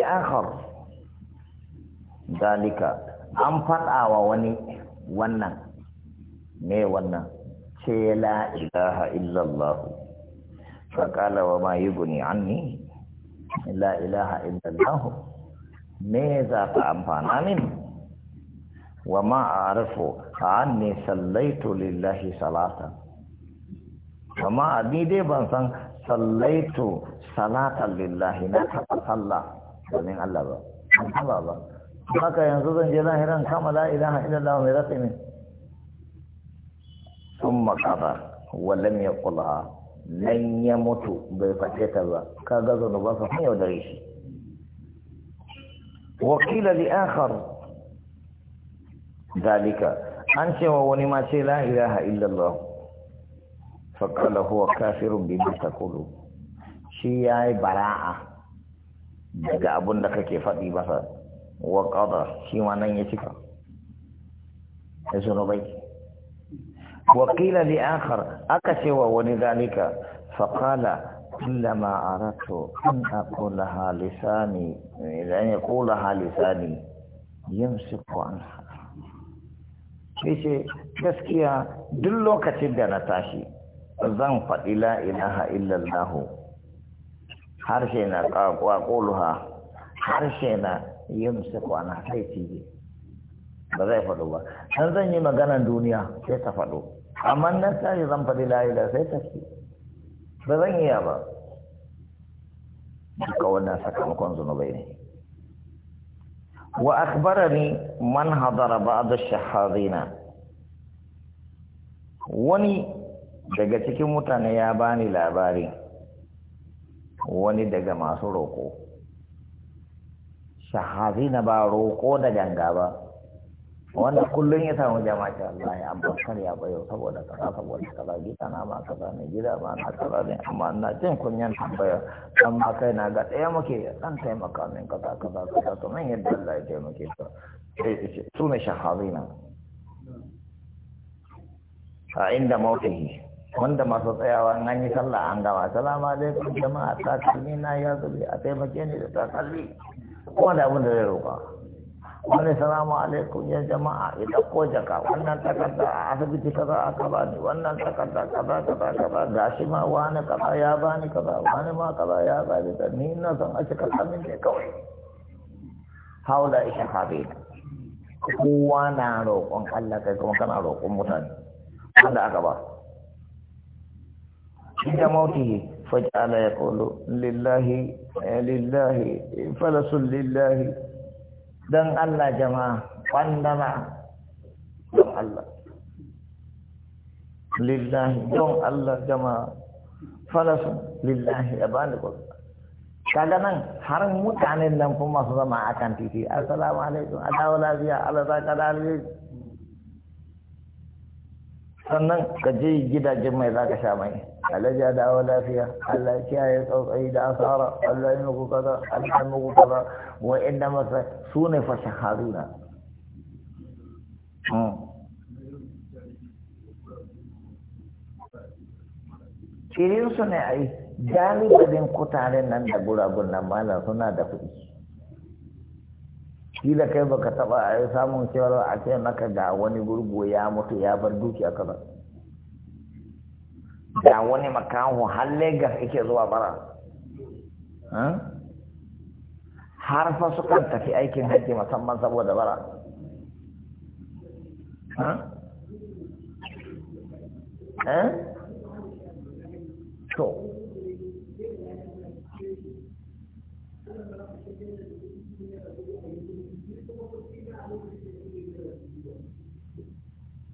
akhar dalika an faɗa wa wani wannan ne wannan ce la ilaha illallah faƙala wa ma yuguni anni la ilaha illallah me za ta amfana min wa ma a'rifu anni sallaitu lillahi salatan a ni dai ban san sallaitu salatan lillahi na taɓa sallah domin Allah ba Allah ba haka yanzu zan je lahiran kama la ilaha illallah mai rafi thumma sun wa lam yaqulha lan yamutu ya mutu bai fashe ta ba ka ga zo ba sa sun yaudare shi qila li akhar dalika an ce wa wani ma ce la ilaha illallah fa qala huwa kafirun bima taqulu shi yayi bara'a daga abun da kake faɗi masa wa ƙada shi ma nan ya cika ya zunubai wa ƙila li akhar aka ce wa wani zalika faƙala in aratu a aqula halisani idan ya qula halisani yamsiku anha yace gaskiya duk lokacin da na tashi zan faɗi la ilaha illallah harshe na ƙwaƙoluha harshe na yin kwana sai fiye ba zai faɗo ba can zan yi maganan duniya sai ta faɗo amma nan tare zan faɗi la'ila sai ta ce ba zan iya ba duka wannan sakamakon zunubai ne wa akbara ni man hadara a ash-shahadina wani daga cikin mutane ya bani labari wani daga masu roƙo shahazi na ba roƙo da ganga ba wanda kullum ya samu jama'a ce Allah ya amfakar ya bayo saboda kaza saboda kaza gida na ma kaza ne gida ma na kaza ne amma ina jin kunyan tambaya dan ma kai na ga ɗaya muke dan taimaka min kaza kaza kaza to nan yadda Allah ya taimake ka eh, eh, su ne shahazi na a inda mautahi wanda masu tsayawa an yi sallah an gama salama alaikum jama'a ta kalli na ya zubi a taimake ni da takalmi kuma da abin da zai roƙa wani salamu alaikum ya jama'a ita ko jaka wannan takarda a asibiti kaza aka ni wannan takarda kaza kaza kaza shi ma wani kaza ya bani kaza wani ma kaza ya ni da ni na san a cika kamin ne kawai haula ishe habe kowa na roƙon Allah kai kuma kana roƙon mutane wanda aka ba عند موته فجعل يقول لله لله فلس لله دن الله جماعة وانما دن الله لله دن الله جماعة فلس لله أبانك kaga nan har mutanen nan kuma su zama a kan titi assalamu alaikum a dawo lafiya Allah za ka dalilin sannan ka je gidajen mai za ka sha mai alhaji ya dawo lafiya Allah ya kiyaye tsautsayi da asara Allah ya muku kaza Allah ya muku kaza wa inda masa su ne fa shaharuna hmm. su ne a yi galibin kutaren nan da guragun nan malam suna da kuɗi. kila kai baka taɓa taba samun cewar a ce da wani gurgu ya mutu ya bar dukiya kaza. da wani makaho har Legas yake zuwa bara har fa sukan tafi aikin hajji musamman saboda bara to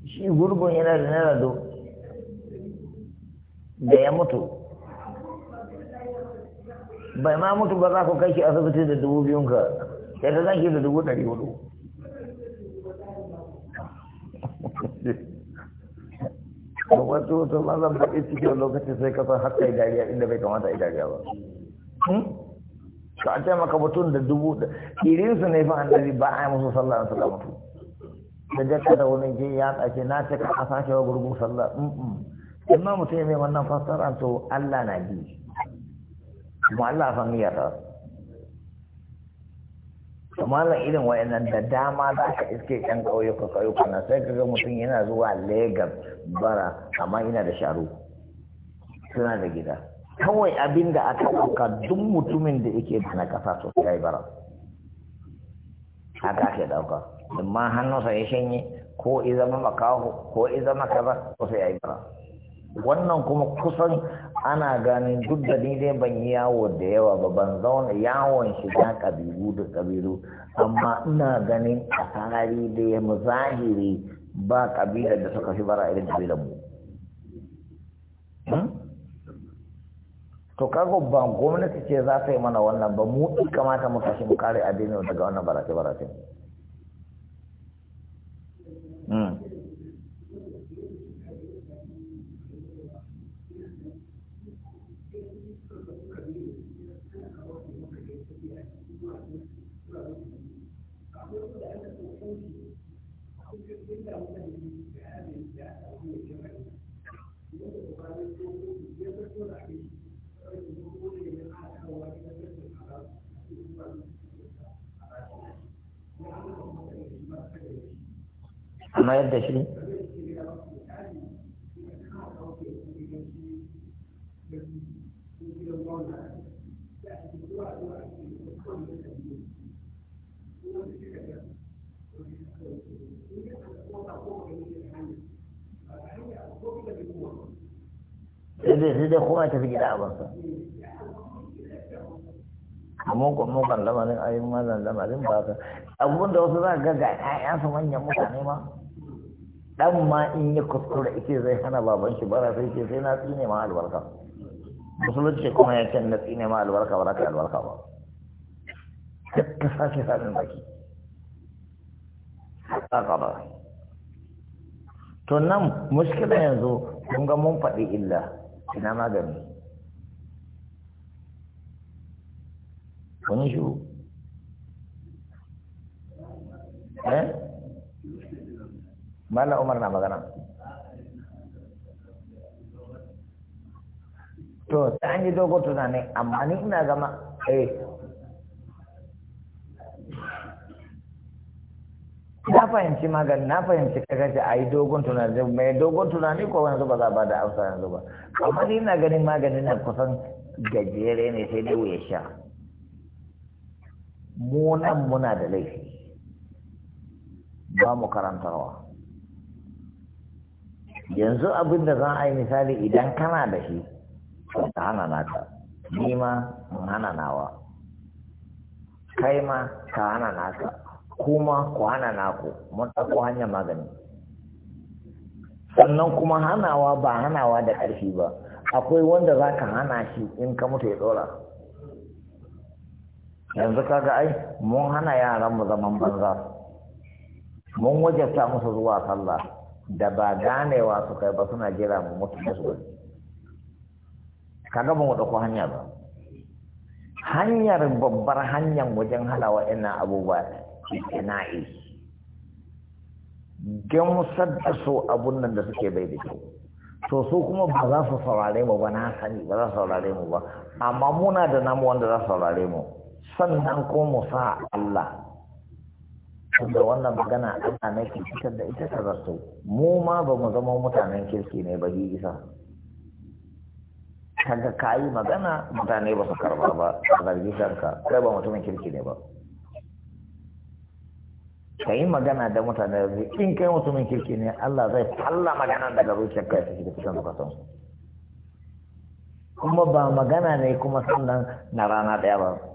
shi gurgun yana da naira da ya mutu bai ma mutu ba za ku kai shi asibiti da dubu biyun ka sai ta zaki da dubu ɗari hudu wasu wasu ma zan faɗi cikin lokacin sai ka san haka idariya inda bai kamata idariya ba ka hmm? ce maka mutum da dubu da irinsu ne fa annabi ba a yi musu sallah su mutu da jaka da wani je ya tsace na ce ka a sashe wa gurgun sallah hmm, hmm. imma mutum ya mai wannan fassara to Allah na ji kuma Allah fa miyar to malam irin wayannan da dama za ka iske yan ƙauyuka ƙauyuka na sai ga mutum yana zuwa Legas bara amma yana da sharu suna da gida kawai abin da aka ɗauka duk mutumin da yake da na ƙasa to ya yi bara haka ake ɗauka amma hannunsa ya shanye ko i zama makaho ko i kaza ko sai ya yi bara wannan kuma kusan ana ganin duk da ni dai ban yi yawo da yawa ba ban zauna yawon shiga kabilu da kabilu amma ina ganin a tsari da ya muzahiri ba kabila da suka fi bara irin kabilan mu hmm? to kago ba gwamnati ce za ta yi mana wannan ba mu kamata mu tashi mu kare addinin daga wannan barace barace mayar da shi sai dai kuma tafi gida a bansa mugun mugun lamarin ayin mazan lamarin ba ka abun da wasu za ga ga 'ya'yansu manyan mutane ma dan ma in ya kuskura ike zai hana baban shi bara sai ce sai na tsine ma albarka musulunci kuma ya ce na tsine ma albarka ba za ka albarka ba ka sake sabin baki haka ba to nan mushkila yanzu kun ga mun faɗi illa ina magani wani shi eh mana umar na magana to ta an yi dogon tunanin amma ni ina gama eh na fahimci magani na fahimci kaga a yi dogon tunani mai dogon tunani ko wani ba za ba da hausa yanzu ba amma ni ina ganin magani na kusan gajere ne sai dai wuya sha munan muna da laifi ba mu karantarwa yanzu abin da za a yi misali idan kana da shi ka hana naka ni ma hana nawa kai ma ka hana naka kuma ku hana naku mun ɗauko hanyar magani sannan kuma hanawa ba hanawa da ƙarfi ba akwai wanda za ka hana shi in ka mutu ya tsora. yanzu kaga ai mun hana yaran mu zaman banza mun wajabta musu zuwa sallah da ba ganewa su kai ba suna jira mu mutu da su kaga ba mu ɗauko hanya ba hanyar babbar hanyar wajen halawa ina abubuwa itina'i gamsar da su abun nan da suke bai da kyau to su kuma ba za su saurare mu ba na sani ba za su saurare mu ba amma muna da namu wanda za su saurare mu sannan ko mu sa Allah tunda wannan magana Allah na ke fitar da ita ta zarto mu ma ba mu zama mutanen kirki ne ba isa kaga yi magana mutane ba su karba ba a zargi kanka kai ba mutumin kirki ne ba ka yi magana da mutane da in kai mutumin kirki ne Allah zai falla magana daga zuciyar kai su cikin kusan zukatan kuma ba magana ne kuma sannan na rana daya ba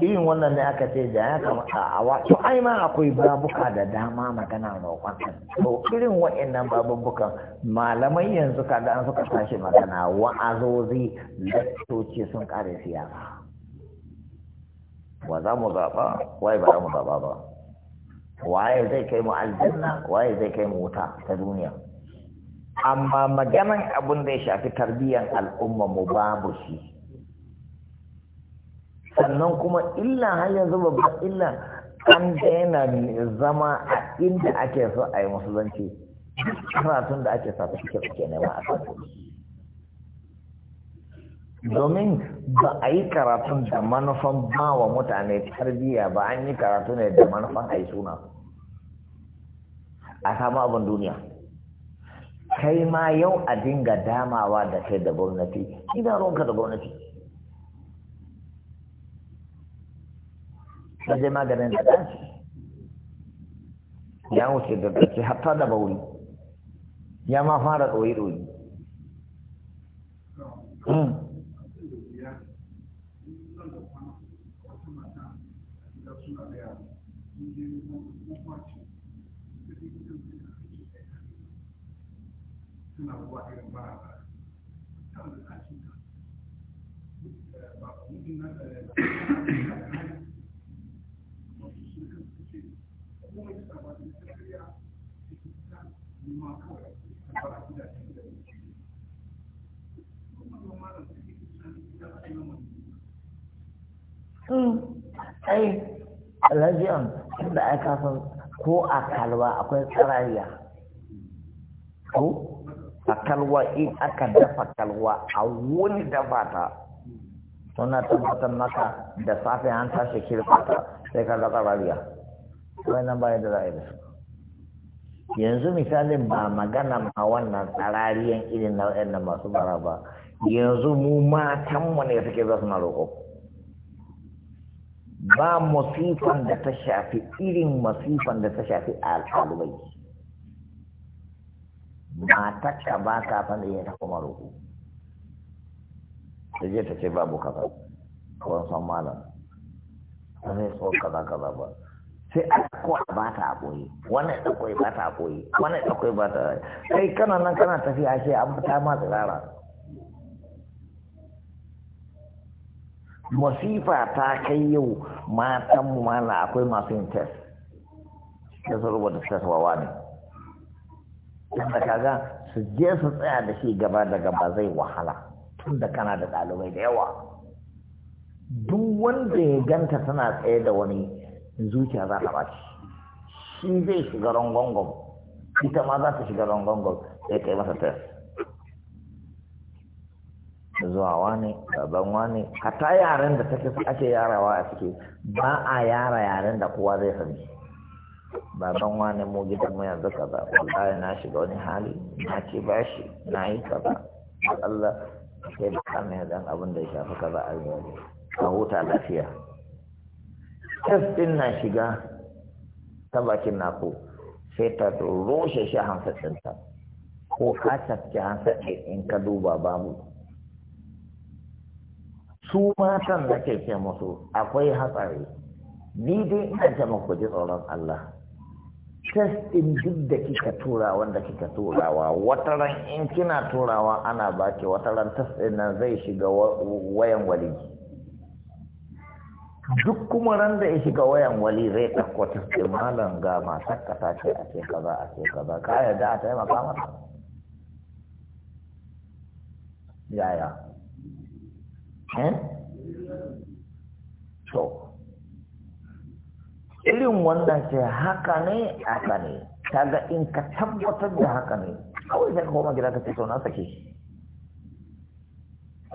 yin wannan ne aka ce da ya kamata a wato. ai ma akwai babuka da dama magana roƙon to irin waɗannan babubukan malamai yanzu kaga an suka tashi magana wa'azozi lakcoci sun kare siyasa wa za mu zaɓa wai ba za mu zaɓa ba waye zai kai mu aljanna waye zai kai mu wuta ta duniya amma maganan abin da ya shafi tarbiyyar al'umma mu babu shi sannan kuma illa har yanzu babban illa an daina zama a inda ake so a yi musulunci karatun da ake sa suke suke nema a kan domin ba a yi karatun da manufan ba wa mutane tarbiyya ba an yi karatu ne da manufan a yi suna a samu abin duniya kai ma yau a dinga damawa da kai da gwamnati idan ronka da gwamnati sai dai maganin da ɗanci ya wuce da hatta da bauri ya ma fara ɗoyi-ɗoyi hmm. ai alhajiyan da aka san ko a kalwa akwai tsarariya ko a kalwa in aka dafa kalwa a wani dafa ta suna tabbatar maka da safe an tashi kirfata sai ka ga rariya wai bayan da za a yi da su yanzu misalin ba magana ma wannan tsarariyan irin na waɗannan masu bara ba yanzu mu matanmu ne suke za su na roƙo ba masifan da ta shafi irin masifan da ta shafi alƙalibai matakka ba ka fanda yin ta kuma roƙo ta je ta ce babu kaza kawai san malam ta ne tsohon kaza kaza ba sai a ko a ba ta a ɓoye wannan da koi ba ta a ɓoye wannan da koi ba ta Sai kana nan kana tafiya sai an fita ma tsara masifa ta kai yau matan mu mana akwai masu yin test da su rubuta test wa wani tunda kaga su je su tsaya da shi gaba da gaba zai wahala tunda kana da ɗalibai da yawa duk wanda ya ganta tana tsaye da wani zuciya za ta baci shi zai shiga rangongon ita ma za ta shiga rangongon sai kai masa ta zuwa wane baban wani? Hata yaren da take ake yarawa a ciki ba a yara yaren da kowa zai sani baban wani mu gidan mu yanzu kaza wallahi na shiga wani hali na ce bashi na yi kaza Allah sai da kamar yadda abin da ya shafi kaza a yau ka huta lafiya test din na shiga ta bakin naku sai ta roshe shi hansar ɗinta ko ka tafki hansar ɗin in ka duba babu su matan da ke ce musu akwai hatsari ni dai ina ce muku ji tsoron Allah test din duk da kika tura wanda kika turawa wata ran in kina turawa ana baki wata ran test din zai shiga wayan waliji duk kuma ran da ya shiga wayan wali zai ɗauko ta ce eh, malam ga matakka ta ce a ce kaza a ce kaza ka yarda a taimaka mata yaya eh so irin wannan ce haka ne haka ne kaga in ka tabbatar da haka ne kawai sai ka koma gida ka ce to na sake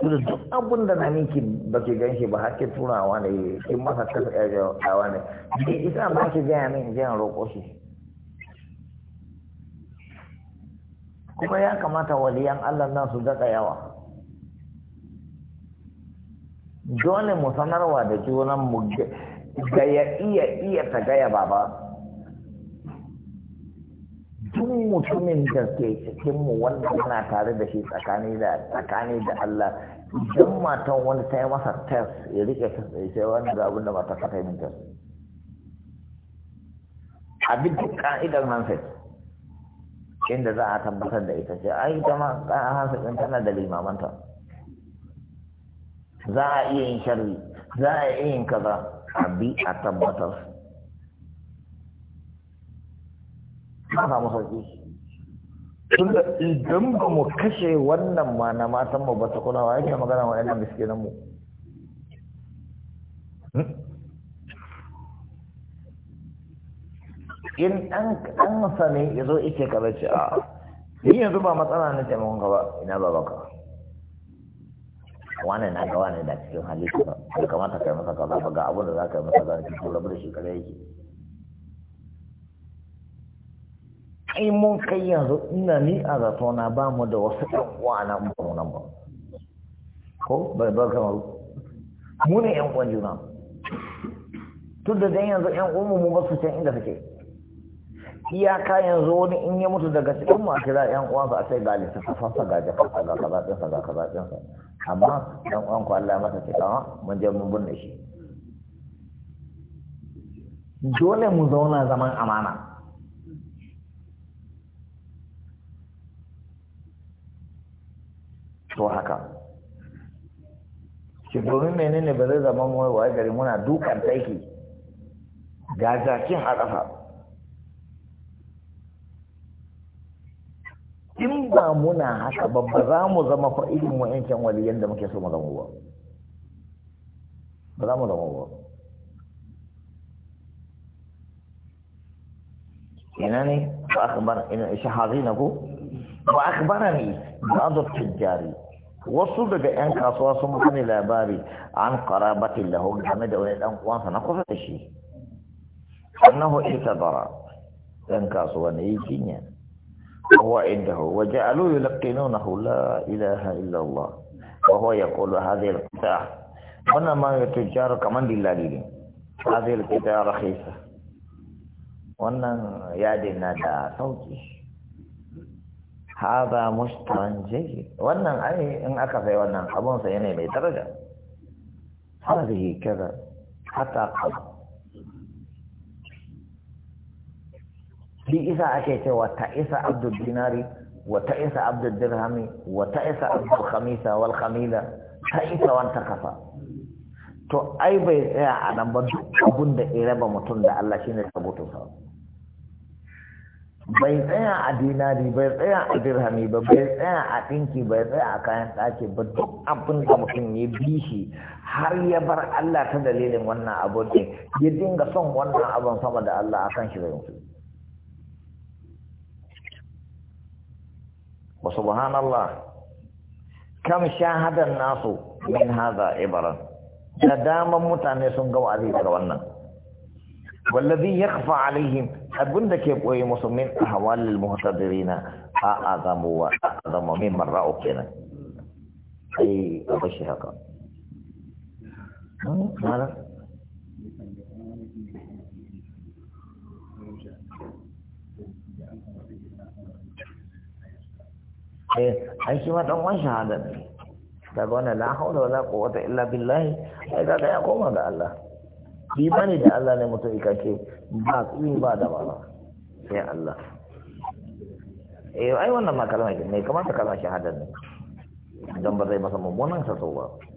duk abun da na miki ba ki gan shi ba har ki turawa ne kin masa kasa ƙarfawa ne da isa ba ki gaya min in roƙo shi kuma ya kamata waliyan Allah nan su ka yawa dole mu sanarwa da junan mu ga iya iya ta gaya baba tun mutumin da ke cikinmu wanda muna tare da shi tsakani da tsakani da Allah idan matan wani ta yi masa test ya rike test ya sai wani ga abin da mata ka ta yi min test abin duk ka'idar hanset inda za a tabbatar da ita ce ai ita ma hanset din tana da limamanta za a iya yin sharri za a iya yin kaza a bi a tabbatar an samu sauki tunda idan ba mu kashe wannan ma na matan mu ba ta kula wa yake magana wa yana miskinan mu hmm? in ɗan ɗansa ne ya zo ike ka ce a ni yanzu ba matsala na taimakon ka ba ina ba baka wani na ga wani da cikin halittu ba kamata kai masa kaza ba ga abin da za ka yi masa za ka yi rabu da shi kada yake ai mun kai yanzu ina ni a na ba mu da wasu ɗan uwa na mu nan ba ko bai ba kamar mu ne ƴan uwan juna tun da dan yanzu ƴan uwan mu ba su can inda suke iyaka yanzu wani in ya mutu daga cikin mu a kira ƴan ba a sai gali ta fasa ga jafa ga kaza ɗinsa ga kaza ɗinsa amma ɗan uwan ku Allah ya masa cikawa mun je mun binne shi dole mu zauna zaman amana to haka shi domin menene ba zai zama mu wa gari muna dukan taiki ga jakin a ƙafa in ba muna haka babba za mu zama fa irin wa'ancan waliyan yadda muke so mu zama ba ba za mu zama ba ina ne ba akbar ina shahazina ko ba akbarani ba zo tijjari wasu daga 'yan kasuwa sun bani labari an karabatin lahu game da wani dan uwansa na kusa da shi annahu bara dan kasuwa na yi jinya kowa huwa indahu wa ja'alu yulaqinunahu la ilaha illa Allah wa huwa yaqulu hadhihi hazel kita wannan ma ya tijaru kamar dillali ne hazel kita qita rakhisa wannan yadin na da sauki haza mushtaran jayi wannan ai in aka sai wannan abun sai yana mai daraja hadhihi kaza hatta qal bi isa ake cewa ta isa abdul dinari wa ta isa abdul dirhami wa ta isa abdul khamisa wal khamila ta isa wanta kafa to ai bai tsaya a nan ba duk abun da ya raba mutum da Allah shine sabutu sa bai tsaya a dinari bai tsaya a dirhami ba bai tsaya a ɗinki bai tsaya a kayan ɗaki ba duk abin da mutum ya bi shi har ya bar Allah ta dalilin wannan abu ne ya dinga son wannan abin sama da Allah a kan shi zai mutu wa subhanallah kam shahadan nasu min haza ibaran da daman mutane sun ga wa'azi daga wannan wallazi kafa alaihim abin da ke koyi musu min ahwalil muhtadirina a azamu wa azamu min marra'u kenan ai ba shi haka eh ai shi ma dan wani shahada daga wannan la haula wala quwwata illa billahi ai kaga ya koma ga Allah imani da Allah ne mutum ikake ba tsini ba da ba sai Allah eh, ai wannan ma ne ne kamata kalmar shahada ne dan ba zai masa mummunan sato ba